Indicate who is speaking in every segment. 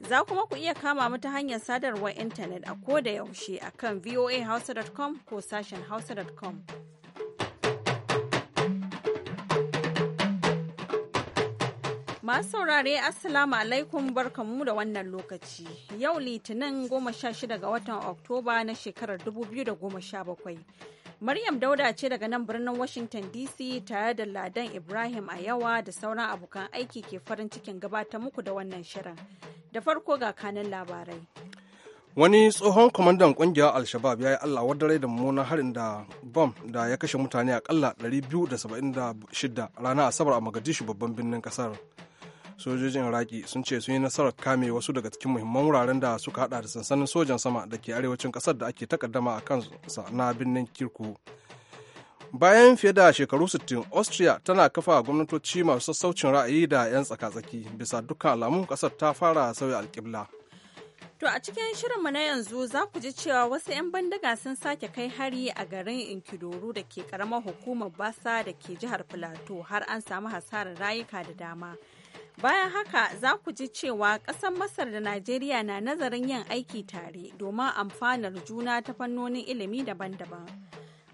Speaker 1: Za kuma ku iya kama mu ta hanyar sadarwar intanet a ko da yaushe a kan voahausa.com ko sashen hausa.com. Masu saurare Assalamu alaikum barkamu da wannan lokaci. Yau Litinin 16 ga watan Oktoba na shekarar 2017. Maryam Dauda ce daga nan birnin Washington DC tare da Ladan Ibrahim a yawa da sauran abokan aiki ke farin cikin gabata muku da wannan shirin. Da farko ga kanan labarai.
Speaker 2: Wani tsohon kwamandan kungiyar Al-Shabaab ya yi Allah wadare da mummunan harin da bom da ya kashe mutane akalla 276 ranar Asabar a Mogadishu babban birnin kasar. sojojin iraki sun ce sun yi nasarar kame wasu daga cikin muhimman wuraren da suka hada da sansanin sojan sama da ke arewacin kasar da ake takaddama a kan na birnin kirku bayan fiye da shekaru 60 austria tana kafa gwamnatoci masu sassaucin ra'ayi da 'yan tsaka-tsaki bisa dukkan alamun kasar ta fara sauya alkibla
Speaker 1: To a cikin shirinmu na yanzu za ku ji cewa wasu 'yan bandaga sun sake kai hari a garin Inkidoru da ke karamar hukumar Basa da ke jihar plateau har an samu hasarar rayuka da dama. Bayan haka za ku ji cewa ƙasar Masar da Najeriya na nazarin yin aiki tare domin amfanar juna ta fannonin ilimi daban-daban.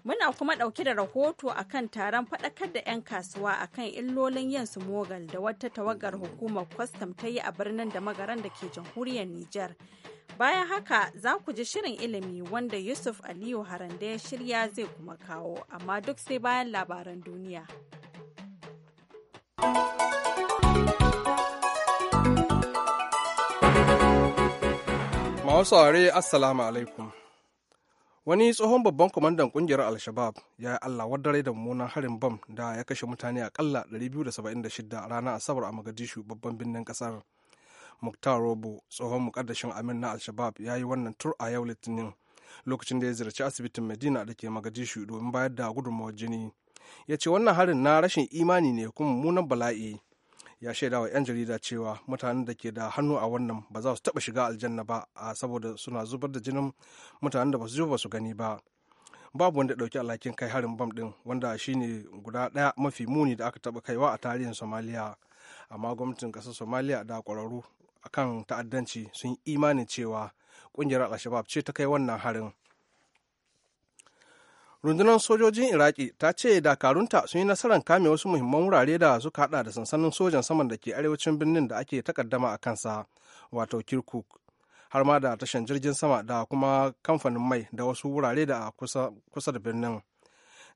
Speaker 1: Muna kuma ɗauke da rahoto a kan taron faɗakar da 'yan kasuwa a kan illolin yin su mogal da wata tawagar hukumar kwastam ta yi a birnin da magaran da ke jamhuriyar Nijar. Bayan haka za ku ji shirin ilimi wanda Yusuf Aliyu Haranda ya shirya zai kuma kawo, amma duk sai bayan labaran duniya.
Speaker 2: wasu Assalamu alaikum. Wani tsohon babban kwamandan kungiyar Al-Shabab ya yi Allah wadare da mummunan harin bam da ya kashe mutane akalla 276 ranar Asabar a Magadishu, babban birnin kasar. Muktar Robo tsohon mukaddashin Amin na Al-Shabab ya yi wannan tur a yau Litinin lokacin da ya ziyarci asibitin Medina da ke Magadishu, domin bayar da gudunmawar jini. Ya ce wannan harin na rashin imani ne kuma mummunan bala'i. ya shaida wa 'yan jarida cewa mutanen da ke da hannu a wannan ba za su taɓa shiga aljanna ba a saboda suna zubar da jinin mutanen da ba su ba su gani ba babu wanda ɗauki alhakin kai harin bam ɗin wanda shine guda ɗaya mafi muni da aka taɓa kaiwa a tarihin somaliya amma gwamnatin ƙasar somaliya da ƙwararru akan ta'addanci sun imanin cewa ƙungiyar al ce ta kai wannan harin rundunar sojojin iraki ta ce dakarunta sun yi nasarar kame wasu muhimman wurare da suka hada da sansanin sojan saman da ke arewacin birnin da ake takaddama a kansa wato kirkuk har ma da tashan jirgin sama da kuma kamfanin mai da wasu wurare da kusa da birnin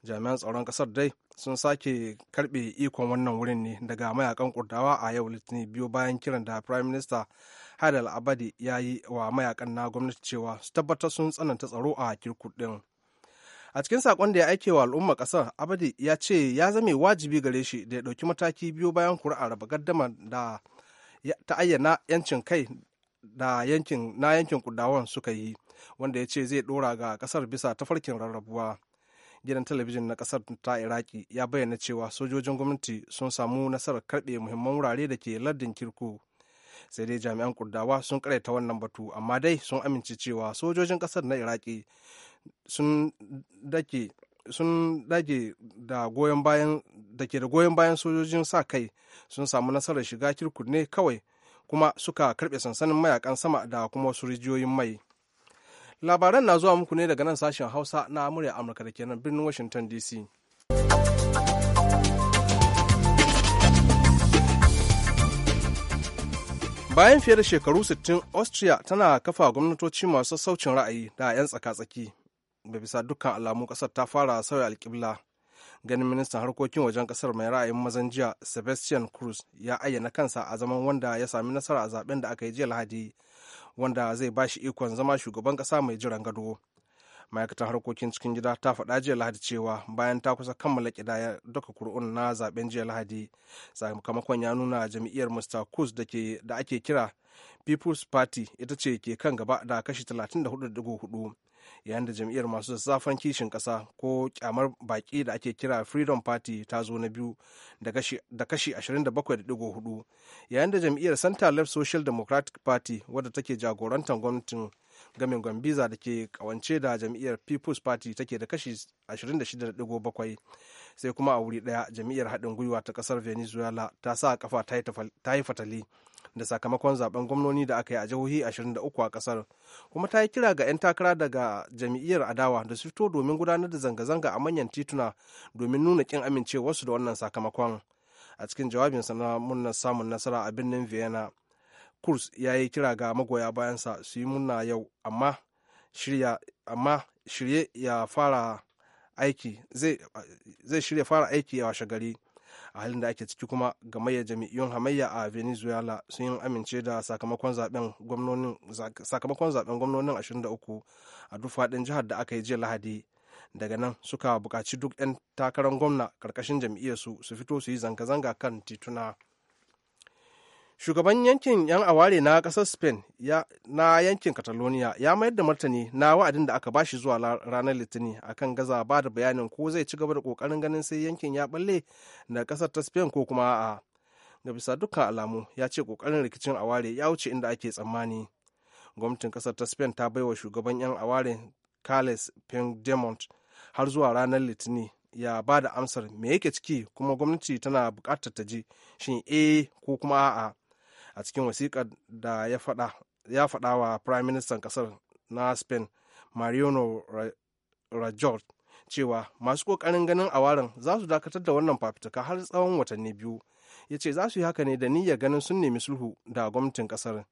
Speaker 2: jami'an tsaron kasar dai sun sake karbe ikon wannan wurin ne daga mayakan kurdawa a yau litinin biyu bayan kiran da prime minister haidal abadi ya yi wa mayakan na gwamnati cewa su tabbatar sun tsananta tsaro a kirkuk din a cikin sakon da ya aike wa al'umma kasar abadi ya ce ya zame wajibi gare shi da ya ɗauki mataki biyu bayan kuri'a raba gaddama da ta ayyana yancin kai da yankin na yankin kudawan suka yi wanda ya ce zai ɗora ga kasar bisa tafarkin rarrabuwa gidan talabijin na kasar ta iraki ya bayyana cewa sojojin gwamnati sun samu nasarar karɓe muhimman wurare da ke lardin kirku sai dai jami'an kurdawa sun ta wannan batu amma dai sun amince cewa sojojin kasar na iraki sun dake dage da goyon bayan da ke da goyon bayan sojojin sa kai sun samu nasarar shiga kirkuk ne kawai kuma suka karbe sansanin mayakan sama da kuma wasu rijiyoyin mai labaran na zuwa muku ne daga nan sashen hausa na murya amurka da kenan birnin washington dc bayan fiye da shekaru 60 austria tana kafa gwamnatoci masu saucin ra'ayi da 'yan tsaka-tsaki da bisa dukkan alamun kasar ta fara sauya alkibla ganin ministan harkokin wajen kasar mai ra'ayin mazan jiya sebastian cruz ya ayyana kansa a zaman wanda ya sami nasara a zaben da aka yi jiya lahadi wanda zai ba shi ikon zama shugaban kasa mai jiran gado ma'aikatan harkokin cikin gida ta faɗa jiya lahadi cewa bayan ta kusa kammala kidaya duka kur'un na zaben jiya lahadi sakamakon ya nuna jam'iyyar mr cruz da ake kira people's party ita ce ke kan gaba da kashi 34.4 yayin da jam'iyyar masu zafan kishin ƙasa ko kyamar baƙi da ake kira freedom party ta zo na biyu da kashi 27.4 yayin da jam'iyyar center left social democratic party wadda take jagorantar gwamnatin gamin gambiza da ke kawance da jam'iyyar people's party take da kashi 26.7 sai kuma a wuri daya jam'iyyar haɗin gwiwa ta ƙasar venezuela ta sa kafa ta yi fatali da sakamakon zaben gwamnoni da aka yi a jihohi 23 a kasar kuma ta yi kira ga 'yan takara daga jam'iyyar adawa da su fito domin gudanar da zanga-zanga a manyan tituna domin nuna kin amincewarsu da wannan sakamakon a cikin jawabinsa na munna samun nasara a birnin vienna kurs ya yi kira ga magoya bayansa su yi munna yau amma shirya amma shirye ya fara aiki zai shirya fara aiki a washe gari a halin da ake ciki kuma gamayyar jami'un hamayya a venezuela sun yi amince da sakamakon zaben gwamnonin 23 a duk faɗin jihar da aka yi jiya lahadi daga nan suka bukaci duk 'yan takarar gwamna ƙarƙashin jam'iyyarsu su fito su yi zanga-zanga kan tituna. shugaban yankin 'yan aware na kasar spain na yankin catalonia ya mayar da martani na wa'adin da aka bashi zuwa ranar litinin akan gaza ba da bayanin ko zai ci gaba da kokarin ganin sai yankin ya balle na kasar ta spain ko kuma a'a ga bisa dukkan alamu ya ce kokarin rikicin aware ya wuce inda ake tsammani gwamnatin kasar ta spain ta baiwa shugaban 'yan aware carles puigdemont har zuwa ranar litinin ya ba da amsar me yake ciki kuma gwamnati tana bukatar ta ji shin eh ko kuma a'a a cikin wasiƙar da ya faɗa wa prime minister ƙasar na spain mariano rajoy cewa masu ƙoƙarin ganin awarin za su dakatar da wannan fafutuka har tsawon watanni biyu ya ce za su yi haka ne da niyyar ganin sun nemi sulhu da gwamnatin ƙasar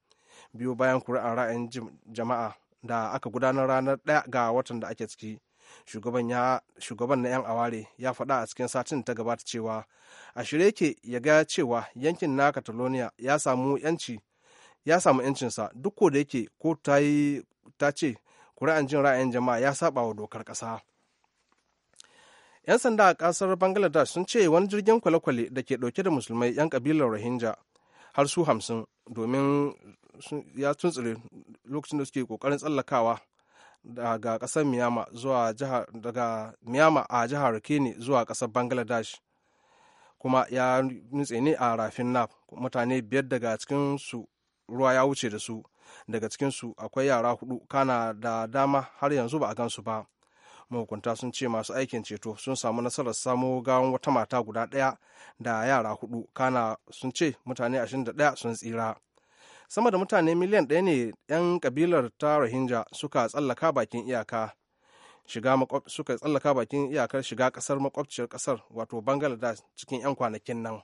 Speaker 2: biyu bayan kuri'ar ra'ayin jama'a da aka gudanar ranar ɗaya ga watan da ake ciki shugaban na 'yan aware ya faɗa a cikin satin ta gabata cewa a shirye yake ya ga cewa yankin na catalonia ya samu yanci ya samu yancinsa duk ko da yake ko ta ce kuri'an jin ra'ayin jama'a ya saba wa dokar ƙasa 'yan sanda a kasar bangladesh sun ce wani jirgin kwale-kwale da ke dauke da musulmai 'yan kabilar rohingya har su hamsin domin ya tuntsire lokacin da suke ƙoƙarin tsallakawa daga kasar miyama zuwa jihar daga miyama a jihar kini zuwa kasar bangladesh kuma ya nutse ne a rafin naf mutane biyar daga cikin su ruwa ya wuce da su daga cikin su akwai yara hudu kana da dama har yanzu ba a gansu ba mahukunta sun ce masu aikin ceto sun samu nasarar samo gawan wata mata guda daya da yara hudu kana sun ce mutane 21 sun tsira sama da mutane miliyan ɗaya ne 'yan kabilar ta rohingya suka tsallaka bakin iyaka shiga suka tsallaka bakin iyakar shiga kasar makwabciyar kasar wato bangladesh cikin 'yan kwanakin nan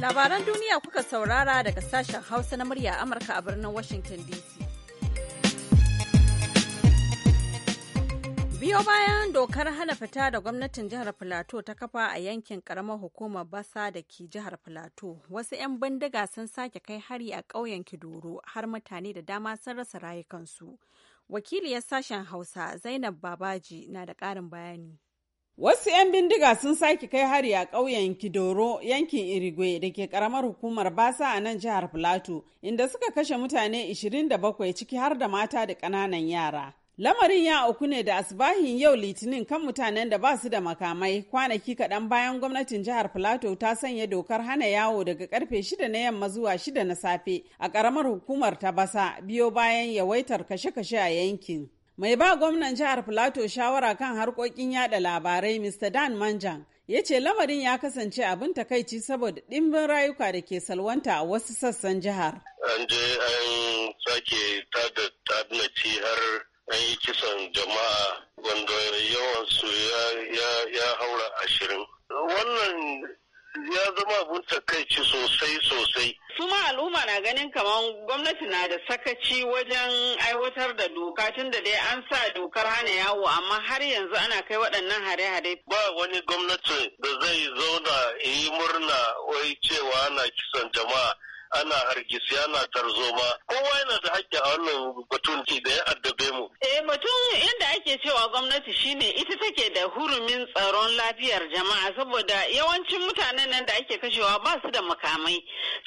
Speaker 1: labaran duniya kuka saurara daga sashen hausa na murya amurka a birnin washington dc biyo bayan dokar hana fita da gwamnatin jihar filato ta kafa a yankin karamar hukumar basa da ke jihar filato wasu 'yan bindiga sun sake kai hari a ƙauyen kidoro har mutane da dama sun rasa rayukansu wakiliyar sashen hausa zainab babaji na da ƙarin bayani
Speaker 3: Wasu 'yan bindiga sun sake kai hari a ƙauyen Kidoro yankin Irigwe da ke karamar hukumar Basa a nan jihar Filato, inda suka kashe mutane 27 ciki har da mata da ƙananan yara. Lamarin ya auku ne da asibahin yau litinin kan mutanen da ba su da makamai kwanaki kaɗan bayan gwamnatin jihar Filato ta sanya dokar hana yawo daga karfe shida na yamma zuwa shida na safe a ƙaramar hukumar ta basa biyo bayan yawaitar kashe-kashe a yankin. Mai ba gwamnan jihar Filato shawara kan harkokin yada labarai Mr. Dan Manjan ya ce lamarin ya kasance abin takaici saboda ɗimbin rayuka da ke salwanta a wasu sassan jihar.
Speaker 4: An je an sake tada har an yi kisan jama'a wanda su ya haura ashirin wannan ya zama abun takaici sosai sosai.
Speaker 3: Suma al'umma na ganin kamar gwamnati na da sakaci wajen aiwatar da doka tun da dai an sa dokar hana yawo amma har yanzu ana kai waɗannan hare-hare. Ba wani gwamnati da
Speaker 4: zai zauna yi murna wai cewa ana kisan jama'a ana hargitsi ana tarzoma kowa yana da haƙƙi a wannan batun da ya addabe mu.
Speaker 5: Eh
Speaker 3: batun inda ake cewa gwamnati shine ita take da hurumin tsaron lafiyar jama'a saboda yawancin mutanen nan da ake kashewa ba su da makamai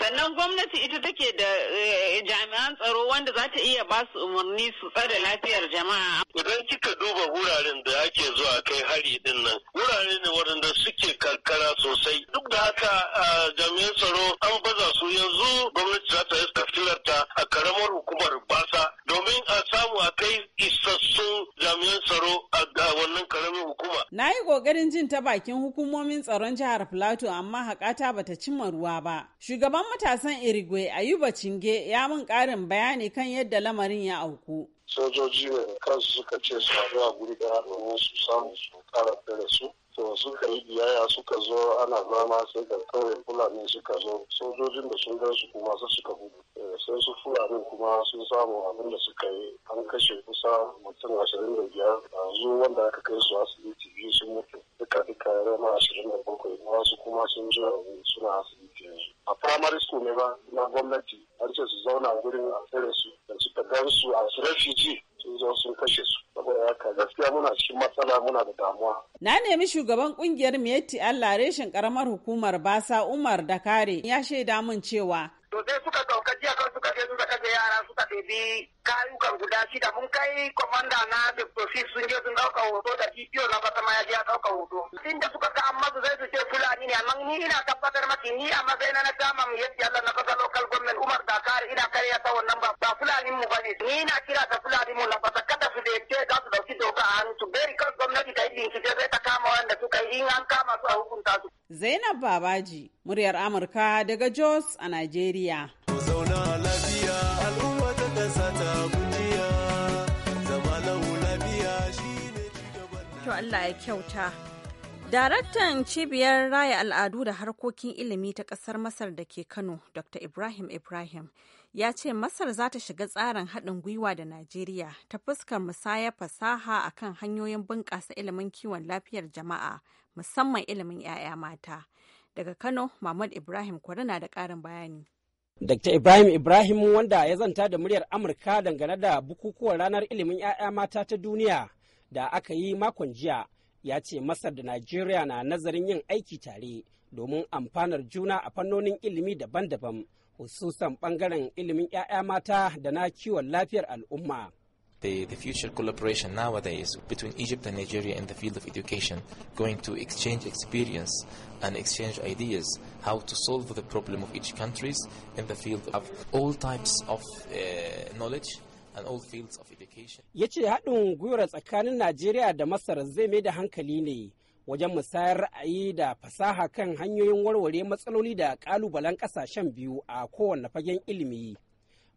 Speaker 3: sannan gwamnati ita take da eh, jami'an tsaro wanda za ta iya ba su umarni su tsare lafiyar jama'a.
Speaker 4: Idan kika duba wuraren da ake zuwa kai hari din nan wurare
Speaker 3: ne waɗanda suke
Speaker 4: karkara sosai duk da haka ah, jami'an tsaro an baza su yanzu za ta yi tafiyarta a karamar hukumar basa domin a samu a kai isassun
Speaker 3: jami'an tsaro a wannan karamin hukuma. Na yi ƙoƙarin jin ta bakin hukumomin tsaron jihar Filato amma haƙata bata cimma ruwa ba. Shugaban matasan Irigwe Ayuba Cinge ya mun ƙarin bayani kan yadda lamarin ya auku.
Speaker 4: Sojoji ne kansu suka ce su a guri ɗaya domin su samu su ƙara fere su To suka yi biyaya suka zo ana zama sai da kawai fulani suka zo sojojin da sun gan su kuma sai suka gudu eh, sai su fulani kuma sun samu abin da suka yi an kashe kusa mutum ashirin da biyar yanzu wanda aka kai su asibiti biyu sun mutu duka duka rama ashirin da bakwai wasu kuma sun ji suna
Speaker 6: asibiti yanzu
Speaker 4: a primary school ne ba na gwamnati an ce su zauna gurin a tsere su da suka gan su a refugee sun zo sun kashe su saboda haka gaskiya muna cikin matsala muna da damuwa.
Speaker 3: Na nemi shugaban kungiyar Miyetti Allah reshen karamar hukumar Basa Umar Dakare ya shaida mun cewa. To sai
Speaker 5: suka dauka jiya kan je suka ɗaga yara suka ɗebi kayukan guda shida mun kai kwamanda na diptosis sun je sun ɗauka hoto da bidiyo na bata ma ya je ya ɗauka hoto. da suka ga an masu zai su ce Fulani ne amma ni ina tabbatar maki ni a matsayin na mu yadda Allah na kasa local government Umar Dakar ina karya ta wannan ba ba Fulani mu bane ni ina kira ta Fulani mu na fasa kada su da yadda za su ɗauki doka a hannu su bari kan gwamnati ta yi bincike zai ta kama wanda suka yi in an kama su a
Speaker 6: hukunta
Speaker 3: su. Zainab Babaji, muryar Amurka daga Jos a Najeriya.
Speaker 1: Allah ya kyauta. Daraktan cibiyar raya al'adu da harkokin ilimi ta ƙasar Masar da ke Kano, Dr. Ibrahim Ibrahim, ya ce Masar za ta shiga tsarin haɗin gwiwa da Najeriya ta fuskar musaya fasaha a kan hanyoyin bunƙasa ilimin kiwon lafiyar jama'a, musamman ilimin 'ya'ya
Speaker 5: mata. Daga Kano, Mahmud Ibrahim Kwarina da ƙarin bayani. Dr. Ibrahim Ibrahim wanda ya zanta da muryar Amurka dangane da bukukuwan ranar ilimin 'ya'ya mata ta duniya da aka yi makon jiya ya ce Masar da Najeriya na nazarin yin aiki tare domin amfanar juna a fannonin ilimi daban-daban hususan bangaren ilimin 'ya'ya mata da na kiwon lafiyar al'umma. The, the future collaboration nowadays between Egypt and Nigeria in the field of education going to exchange experience and exchange ideas how to solve the problem of each countries in the field of all types of uh, knowledge and Ya ce haɗin gwiwar tsakanin Najeriya da Masar zai mai da hankali ne wajen musayar ra'ayi da fasaha kan hanyoyin warware matsaloli da ƙalubalen ƙasashen biyu a kowane fagen ilimi.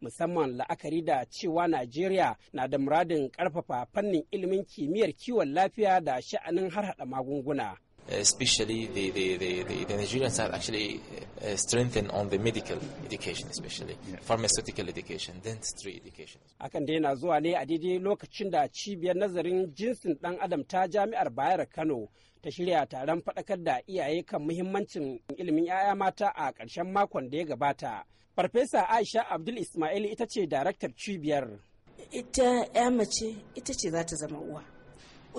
Speaker 5: Musamman la'akari da cewa Najeriya na da muradin ƙarfafa fannin ilimin kimiyyar kiwon lafiya da sha'anin harhaɗa magunguna. Uh, especially the, the, the, the, Nigerian side actually uh, uh strengthen on the medical education especially pharmaceutical education dentistry education Hakan dai na zuwa ne a daidai lokacin da cibiyar nazarin jinsin ɗan adam ta jami'ar bayar kano ta shirya taron faɗakar da iyaye kan muhimmancin ilimin 'ya'ya mata a ƙarshen makon da ya gabata farfesa aisha abdul ismail ita ce daraktar cibiyar ita 'ya mace ita ce za
Speaker 6: ta zama uwa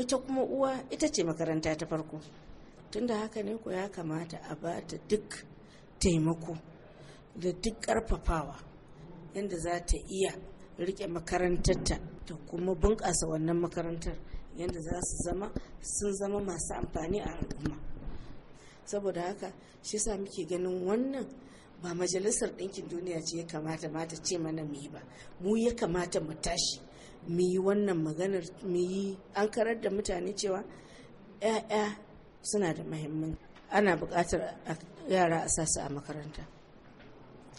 Speaker 6: ita kuma uwa ita ce makaranta ta farko tunda haka ne ku ya kamata a ba ta duk taimako da duk ƙarfafawa inda za ta iya rike makarantarta ta kuma bunƙasa wannan makarantar yadda za su zama sun zama masu amfani a al'umma saboda haka shi sa muke ganin wannan ba majalisar ɗinkin duniya ce ya kamata mata ce mana mu yi ba mu ya kamata mu tashi mu yi wannan maganar mu yi an karar da mutane cewa 'ya'ya suna da mahimmanci ana buƙatar yara a sasu a makaranta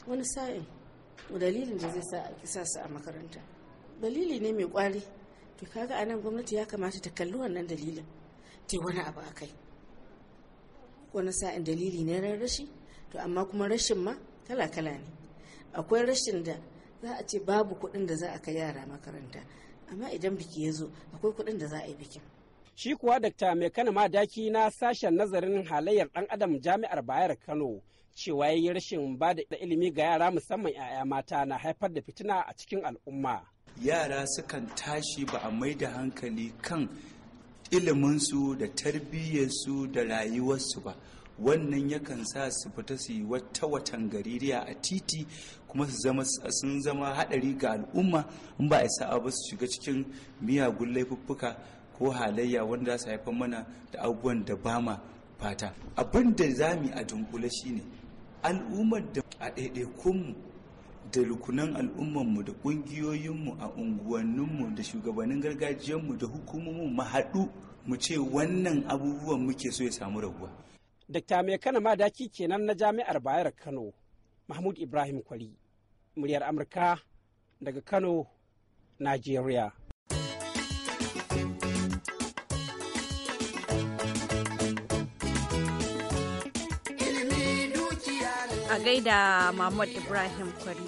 Speaker 6: wani sa'in dalilin da zai sa a kisa su a makaranta dalili ne mai kwari to kaga a nan gwamnati ya kamata ta kalli wannan dalilin ta wani abu a kai wani sa'in dalili ne ran rashi to amma kuma rashin ma kala-kala ne akwai rashin da za a ce babu kuɗin da za a kai yara makaranta amma idan biki ya zo
Speaker 5: akwai kuɗin da za a yi bikin Shi kuwa Dr. Mekana Madaki na sashen nazarin halayyar ɗan adam jami'ar Bayar Kano cewa yayi rashin ba da ilimi ga yara musamman 'ya'ya mata na haifar da fitina a cikin al'umma.
Speaker 7: Yara sukan tashi ba a mai da hankali kan iliminsu da tarbiyyarsu da rayuwarsu ba. wannan yakan sa su fita su yi wata watan gaririya a titi kuma su zama sun zama hadari ga al'umma in ba a sa'a ba su shiga cikin miyagun
Speaker 5: laifuffuka ko halayya wanda za su haifar mana da abubuwan da ba ma fata abin da za mu a dunkule shine al'ummar da a ɗaiɗaikunmu
Speaker 7: da rukunan al'ummarmu da ƙungiyoyinmu a unguwanninmu da shugabannin gargajiyarmu da hukumomin mu haɗu mu ce wannan abubuwan muke so ya samu raguwa.
Speaker 5: Dakta mai kana ma madaki kenan na jami'ar Bayar Kano, Mahmud Ibrahim Kwari, muryar Amurka daga Kano, Najeriya.
Speaker 1: gaida Mahmud Ibrahim Kwari.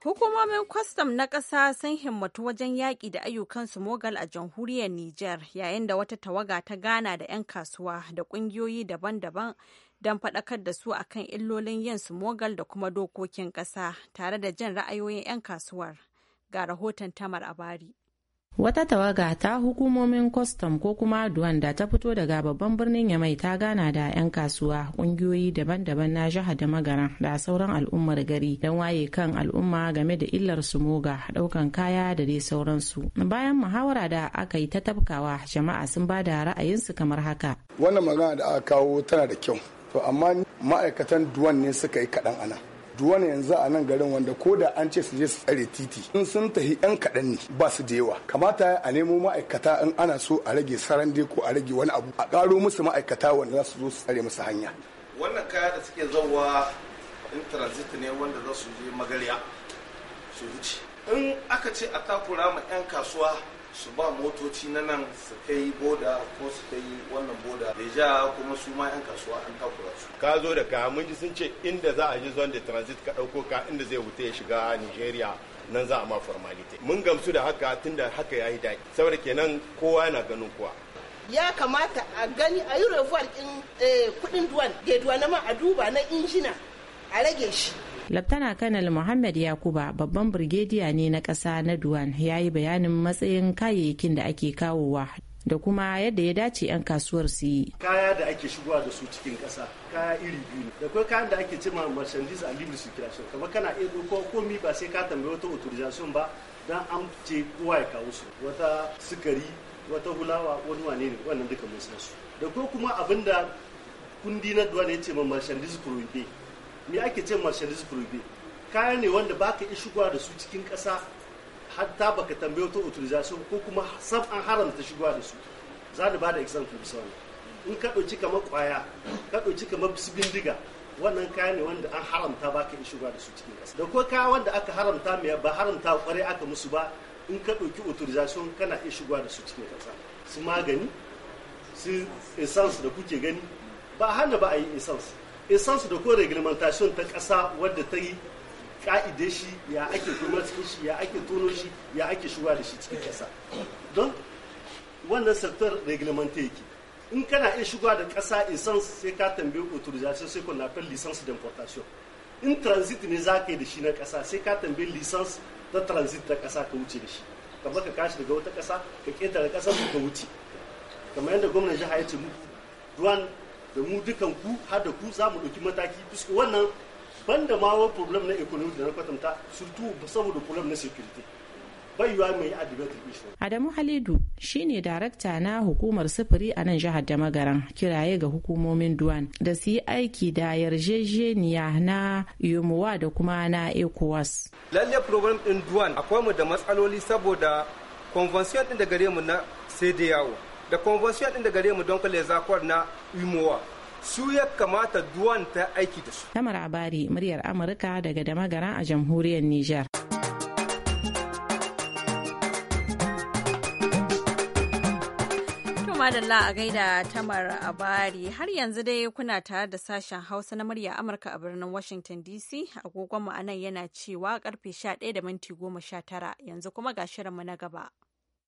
Speaker 1: Hukumomin kwastam na ƙasa sun himmatu wajen yaƙi da ayyukan su mogal a jamhuriyar Nijar yayin da wata tawaga ta gana da 'yan kasuwa da ƙungiyoyi daban-daban don faɗakar da su akan illolin yin su mogal da kuma dokokin ƙasa tare da jin ra'ayoyin 'yan kasuwar. Ga rahoton Tamar Abari.
Speaker 8: Wata tawaga ta hukumomin kwastam ko kuma duwan da ta fito daga babban birnin Yamai ta gana da 'yan kasuwa kungiyoyi daban-daban na jihar da magara da sauran al'ummar gari don waye kan al'umma game da illar sumoga daukan kaya da dai sauransu. Bayan muhawara da aka yi ta tabkawa jama'a sun ba da ra'ayinsu kamar haka.
Speaker 4: Wannan magana da aka kawo tana da kyau. To amma ma'aikatan duwan ne suka yi kaɗan anan. duwane yanzu a nan garin wanda ko da an ce su je su tsare titi in sun tafi yan kaɗan ne ba su da yawa kamata a nemo ma'aikata in ana so a rage sarande ko a rage wani abu a ƙaro musu ma'aikata wanda za su zo su tsare musu hanya wannan kaya da suke zauwa in transit ne wanda za su je magariya su wuce in aka ce a takura ma 'yan kasuwa su ba motoci na nan su kai boda ko su kai wannan boda ja kuma su ma 'yan kasuwa an takura su ka zo da kaya mun ji sun ce inda za a ji zon da transit ka ɗauko ka inda zai wuta ya shiga nigeria nan za a ma formality mun gamsu da haka tunda haka ya yi daɗi saboda kenan kowa na ganin kowa
Speaker 5: ya kamata a gani a yi revuwar eh, kuɗin duwan da ma a duba na injina a rage shi
Speaker 8: laftana kanal muhammad yakuba babban birgediya ne na kasa na duwan ya yi bayanin matsayin kayayyakin da ake kawowa da kuma yadda ya dace 'yan kasuwar su yi.
Speaker 4: Kaya da ake shigowa da su cikin kasa kaya iri biyu da kuma kayan da ake cima merchandise a libre circulation kamar kana iya ɗauko komi ba sai ka tambayi wata authorization ba dan an ce kowa ya kawo su wata sukari wata hulawa wani wane ne wannan duka mun san su da kai kuma abinda kundi na duwa ne ya ce ma merchandise prohibited me ake ce marshalis prohibited kaya ne wanda ba ka shigowa da su cikin ƙasa hatta baka tambaye wata authorization ko kuma sab an haramta shigowa da su za da ba da example misali in ka ɗauki kamar ƙwaya ka ɗauki kamar bindiga wannan kaya ne wanda an haramta ba ka shiga da su cikin ƙasa da kuma kaya wanda aka haramta mai ba haramta kwarai aka musu ba in ka ɗauki authorization kana iya shigowa da su cikin ƙasa su magani su essence da kuke gani ba hana ba a yi essence insansu da ko reglementation ta kasa wadda ta yi ka'ide shi ya ake kuma cikin shi ya ake tono shi ya ake shuwa da shi cikin ƙasa don wannan sektor reglemente yake in kana iya shigowa da kasa essence sai ka tambayi authorization sai kun appel licence d'importation in transit ne za ka yi da shi na ƙasa sai ka tambayi licence ta transit ta kasa ka wuce da shi kamar ka kashi daga wata ƙasa ka ƙetare ƙasar ka wuce kamar yadda gwamnan jiha ya ce mu ruwan da mu dukan ku har da ku za mu ɗauki mataki biska wannan ban ma wani problem na economic da na kwatanta surtu saboda problem na security baiwa mai adibatar islam
Speaker 8: adamu halidu shi ne darakta na hukumar sufuri a nan jihar da magaran kiraye ga hukumomin duwan da su yi aiki da yarjejeniya na yomuwa da kuma na ecowas
Speaker 5: lalle program din duwan akwai mu da matsaloli saboda convention din da gare mu na sai da yawo da konvensiyon din da gare mu don kalle zakwar na imowa su ya kamata duwan ta aiki da
Speaker 8: su. Tamar Abari, muryar Amurka daga Damagara a jamhuriyar Nijar.
Speaker 1: madalla a gaida tamar abari har yanzu dai kuna tare da sashen hausa na murya amurka a birnin washington dc agogonmu a nan yana cewa karfe 11 da minti yanzu kuma ga shirinmu na gaba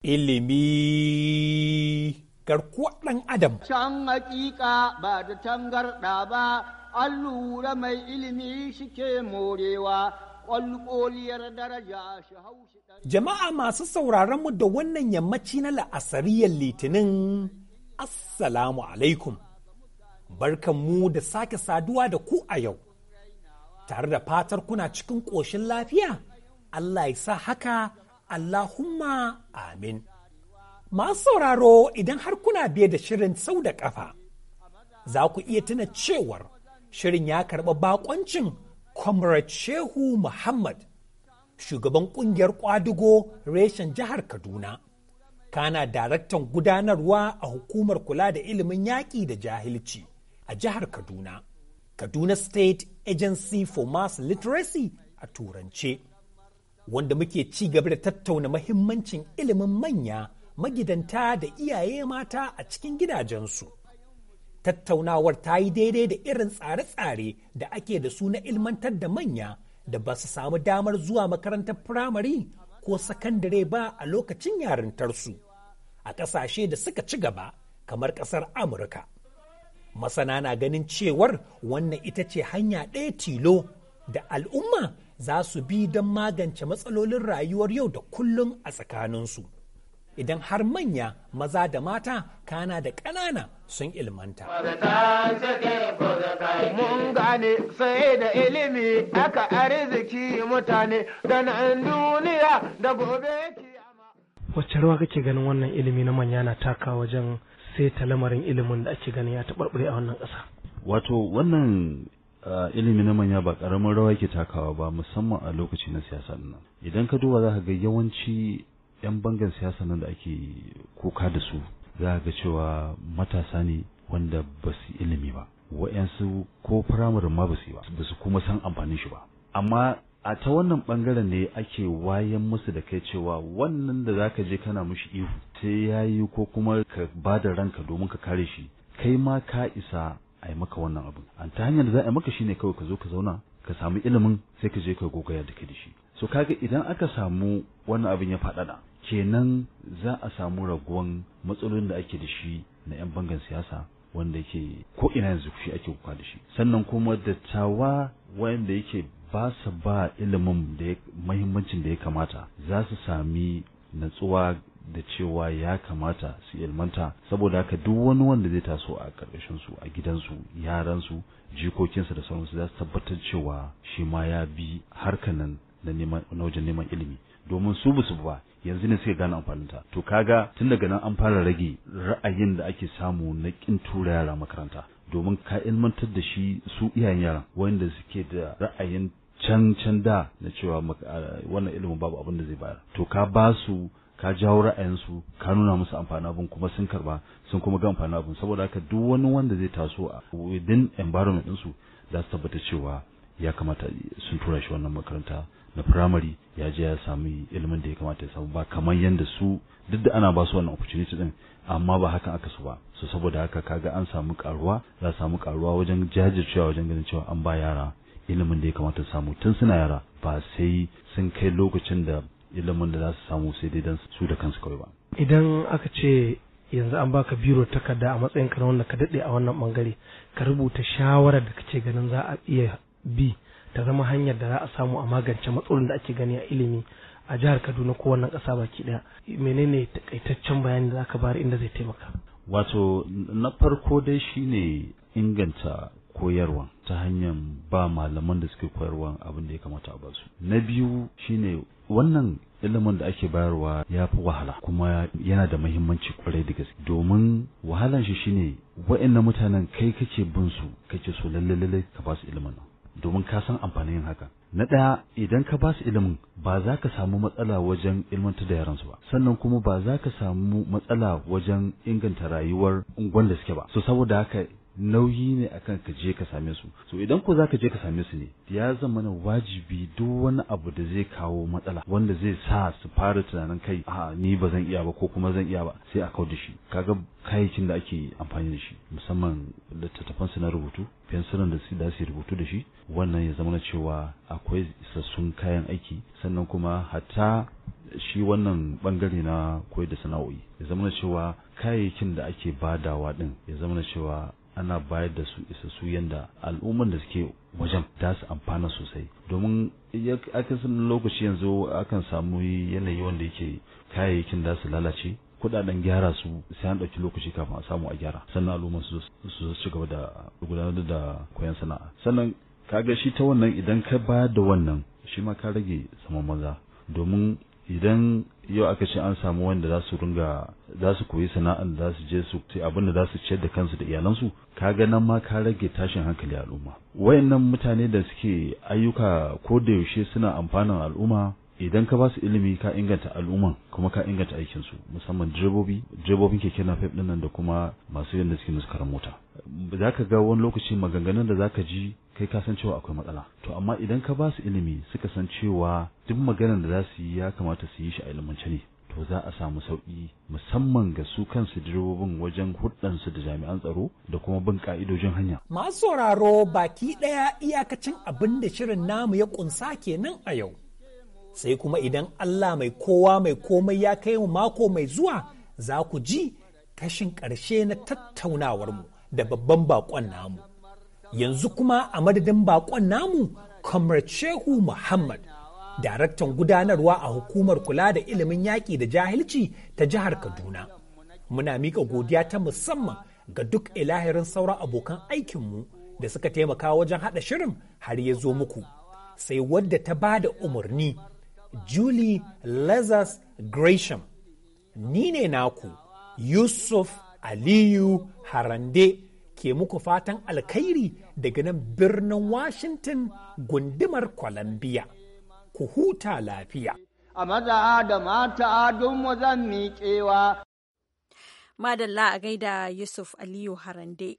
Speaker 9: ilimi garkuwa ɗan adam.
Speaker 5: Can hakika ba da tangarɗa ba, an lura mai ilimi shi ke morewa, ƙwalƙoliyar daraja shi haushi
Speaker 9: Jama'a masu sauraron mu da wannan yammaci na la'asariyar litinin, Assalamu alaikum. Barkan mu da sake saduwa da ku a yau, tare da fatar kuna cikin ƙoshin lafiya, Allah ya sa haka Allahumma amin. Masu sauraro idan har kuna biye da shirin sau da ƙafa, za ku iya tuna cewar shirin ya karɓa bakoncin Comrade Shehu Muhammad, shugaban ƙungiyar ƙwadugo reshen jihar Kaduna, kana daraktan gudanarwa a hukumar kula da ilimin yaƙi da jahilci a jihar Kaduna, Kaduna State Agency for Mass Literacy a Turance. wanda muke ci gaba da tattauna mahimmancin ilimin manya magidanta da iyaye mata a cikin gidajensu. Tattaunawar ta yi daidai da irin tsare-tsare da ake da su na ilmantar da manya da ba su samu damar zuwa makarantar firamare ko sakandare ba a lokacin yarintarsu a ƙasashe da suka ci gaba kamar ƙasar Amurka. Masana na ganin cewar wannan ita ce hanya ɗaya tilo da al'umma za su bi don magance matsalolin rayuwar yau da kullum a tsakaninsu. Idan har manya maza da mata kana da ƙanana sun ilmanta.
Speaker 5: Mun gane sai da ilimi aka arziki mutane da nan duniya da gobe
Speaker 7: Wacce rawa kake ganin wannan ilimi na manya na taka wajen sai ta lamarin ilimin da ake ganin ya taɓarɓare a wannan ƙasa? Wato wannan ilimi na manya ba karamin rawa yake takawa ba musamman a lokaci na siyasa nan idan ka duba za ka ga yawanci yan bangan siyasa nan da ake kuka da su za ka ga cewa matasa ne wanda ba su ilimi ba wa'yansu ko firamare ma ba su yi ba ba su kuma san amfanin shi ba amma a ta wannan bangaren ne ake wayan musu da kai cewa wannan da za ka je kana mushi ihu sai yi ko kuma ka ba da ranka domin ka kare shi kai ma ka isa a yi maka wannan abin an ta hanyar da za a yi maka shine kawai ka zo ka zauna ka samu ilimin sai ka je ka gogaya da kai da shi so kaga idan aka samu wannan abin ya faɗaɗa kenan za a samu raguwan matsalolin da ake da shi na 'yan bangan siyasa wanda yake ko ina yanzu shi ake kuka da shi sannan kuma dattawa wanda yake ba su ba ilimin da muhimmancin da ya kamata za su sami natsuwa da cewa ya kamata su ilmanta saboda haka duk wani wanda zai taso a ƙarƙashin su a gidansu yaransu jikokinsu da sauransu za su tabbatar cewa shi ma ya bi harkan nan na wajen neman ilimi domin su basu ba yanzu ne suka gane amfaninta to kaga tun daga nan an fara rage ra'ayin da ake samu na kin tura yara makaranta domin ka ilmantar da shi su iyayen yaran wanda suke da ra'ayin can can da na cewa wannan ilimin babu abin da zai bayar to ka ba su ka jawo ra'ayinsu ka nuna musu amfani abin kuma sun karba sun kuma ga amfani abin saboda haka duk wani wanda zai taso a within environment ɗinsu za su tabbata cewa ya kamata sun tura shi wannan makaranta na primary ya je ya sami ilimin da ya kamata ya samu ba kamar yadda su duk da ana ba su wannan opportunity din amma ba hakan aka su ba su saboda haka ka ga an samu karuwa za samu karuwa wajen jajircewa wajen ganin cewa an ba yara ilimin da ya kamata su samu tun suna yara ba sai sun kai lokacin da ilimin da za su samu sai dai don su da kansu kawai ba idan aka ce yanzu an baka biro takarda a matsayin ka na wanda ka daɗe a wannan bangare ka rubuta shawarar da kace ganin za a iya bi ta zama hanyar da za a samu a magance matsalolin da ake gani a ilimi a jihar Kaduna ko wannan ƙasa baki ɗaya menene takaitaccen bayani da zaka bayar inda zai taimaka wato na farko dai shine inganta koyarwa ta hanyar ba malaman da suke koyarwa abin da ya kamata a basu na biyu shine wannan ilimin da ake bayarwa ya fi wahala kuma yana da muhimmanci kwarai da gaske domin wahalan shi shine wa'annan mutanen kai kake bin su kake so lalle lalle ka ba su ilimin nan domin ka san amfanin yin haka na ɗaya idan ka ba su ilimin ba za ka samu matsala wajen ilmantar da yaransu ba sannan kuma ba za ka samu matsala wajen inganta rayuwar unguwan da suke ba su saboda haka nauyi ne akan ka je ka same su so idan ko zaka je ka same su ne ya zama na wajibi duk wani abu da zai kawo matsala wanda zai sa su fara tunanin kai a ni ba zan iya ba ko kuma zan iya ba sai a kawo da shi kaga kayayyakin da ake amfani da shi musamman littattafan su na rubutu fensunan da su da rubutu da shi wannan ya zama na cewa akwai isassun kayan aiki sannan kuma hata shi wannan bangare na koyar da sana'o'i ya zama na cewa kayayyakin da ake badawa din ya zama na cewa ana bayar da su isassu yadda al'ummar da suke wajen da su amfana sosai domin sun lokaci yanzu akan samu yanayi wanda yake kayayyakin da su lalace kudaden gyara su sai an ɗauki lokaci kafin a samu a gyara sannan al'ummar su su ci gaba da gudanar da koyon sana'a sannan kaga shi ta wannan idan ka bayar da wannan shi ma ka rage saman maza domin idan yau aka ce an samu wanda za su ringa za su koyi sana'an da za su je su ce abin da za su ciyar da kansu da iyalansu ka ga nan ma ka rage tashin hankali al'umma wayannan mutane da suke ayyuka ko da yaushe suna amfanin al'umma idan ka ba su ilimi ka inganta al'umma kuma ka inganta aikin su musamman direbobi direbobin keke na fef nan da kuma masu da suke musu mota za ka ga wani lokaci maganganun da za ka ji kai ka san cewa akwai matsala to amma idan ka ba su ilimi suka san cewa duk maganar da za su yi ya kamata su yi shi a ilimance ne to za a samu sauƙi musamman ga su kansu direbobin wajen hudansu da jami'an tsaro da kuma bin ka'idojin hanya.
Speaker 9: Masu sauraro baki ɗaya iyakacin abin da shirin namu ya ƙunsa kenan a yau. Sai kuma idan Allah mai kowa mai komai ya kai mu mako mai zuwa za ku ji kashin ƙarshe na tattaunawar mu da babban baƙon namu. yanzu kuma a madadin bakon namu comrade shehu muhammad daraktan gudanarwa a hukumar kula da ilimin yaƙi da jahilci ta jihar kaduna muna miƙa godiya ta musamman ga duk ilahirin sauran abokan aikinmu da suka taimaka wajen haɗa shirin har ya zo muku sai wadda ta ba da umarni julie lazarus gresham ni ne naku yusuf aliyu harande ke muku fatan alkhairi daga nan birnin Washington gundumar Columbia. Ku huta lafiya.
Speaker 5: A maza da mata don mu zan miƙewa.
Speaker 1: Madalla a gaida Yusuf Aliyu Harande.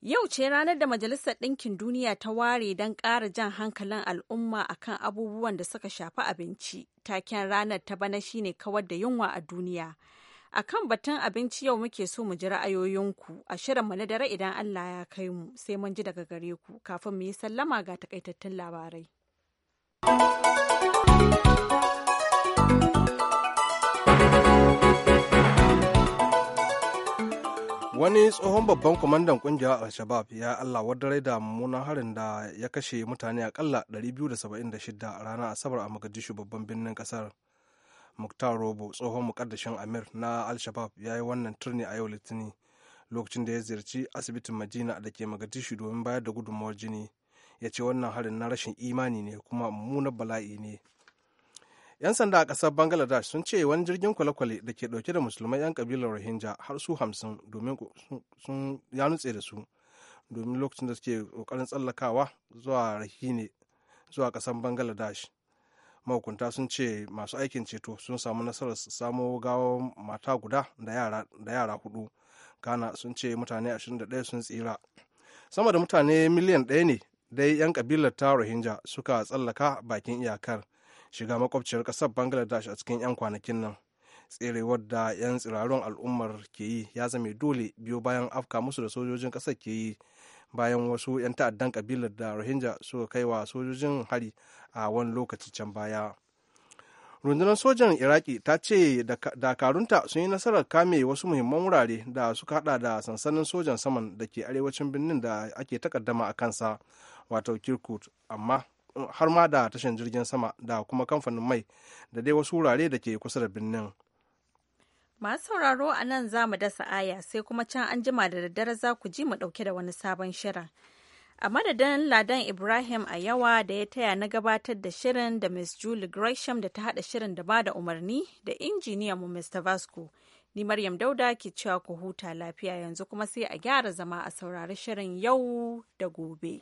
Speaker 1: Yau ce ranar da Majalisar Ɗinkin Duniya ta ware don ƙara jan hankalin al'umma a kan abubuwan da suka shafi abinci. Taken ranar ta bana shine kawar da yunwa a duniya. A kan batun abinci yau muke so mu ji ra'ayoyinku a shirinmu na dare idan Allah ya kai mu sai mun ji daga gare ku kafin mu yi sallama ga takaitattun labarai.
Speaker 2: Wani tsohon babban kwamandan kungiyar Al-Shabab ya Allah wadare da mummunan harin da ya kashe mutane akalla 276 a ranar Asabar a Mogadishu babban birnin kasar. muktar robo tsohon mukaddashin amir na al-shabab ya yi wannan turni a yau litinin lokacin da ya ziyarci asibitin madina da ke magadishu domin bayar da gudunmawar jini ya ce wannan harin na rashin imani ne kuma mummunar bala'i ne 'yan sanda a ƙasar bangladesh sun ce wani jirgin kwale-kwale da ke ɗauke da musulmai 'yan kabilar rohingya har su hamsin domin sun ya nutse da su domin lokacin da suke ƙoƙarin tsallakawa zuwa rahine zuwa ƙasar bangladesh mahukunta sun ce masu aikin ceto sun samu nasarar samo gawar mata guda da yara hudu ghana sun ce mutane 21 sun tsira sama da mutane miliyan ɗaya ne dai 'yan kabilar ta rohingya suka tsallaka bakin iyakar shiga makwabciyar ƙasar bangladesh a cikin 'yan kwanakin nan tserewar da 'yan tsirarun al'ummar ke yi ya zame dole biyo bayan afka musu da sojojin ƙasar ke yi bayan wasu 'yan ta'addan kabilar da rohingya suka kai wa sojojin hari a wani lokaci can baya rundunar sojan iraki ta ce dakarunta sun yi nasarar kame wasu muhimman wurare da suka hada da sansanin sojan saman da ke arewacin birnin da ake takaddama a kansa wato kirkut amma har ma da tashin jirgin sama da kuma kamfanin mai da dai wasu wurare da ke kusa da birnin
Speaker 1: Masu sauraro a nan za mu dasa aya sai kuma can an jima da daddare za ku ji mu ɗauke da wani sabon shirin. A madadin Ladan Ibrahim a yawa da ya taya na gabatar da shirin da Miss Julie Gresham da ta haɗa shirin da ba da umarni da injiniyan mu Mr. Vasco. Ni Maryam Dauda ke cewa ku huta lafiya yanzu kuma sai a gyara zama a saurari shirin yau da gobe.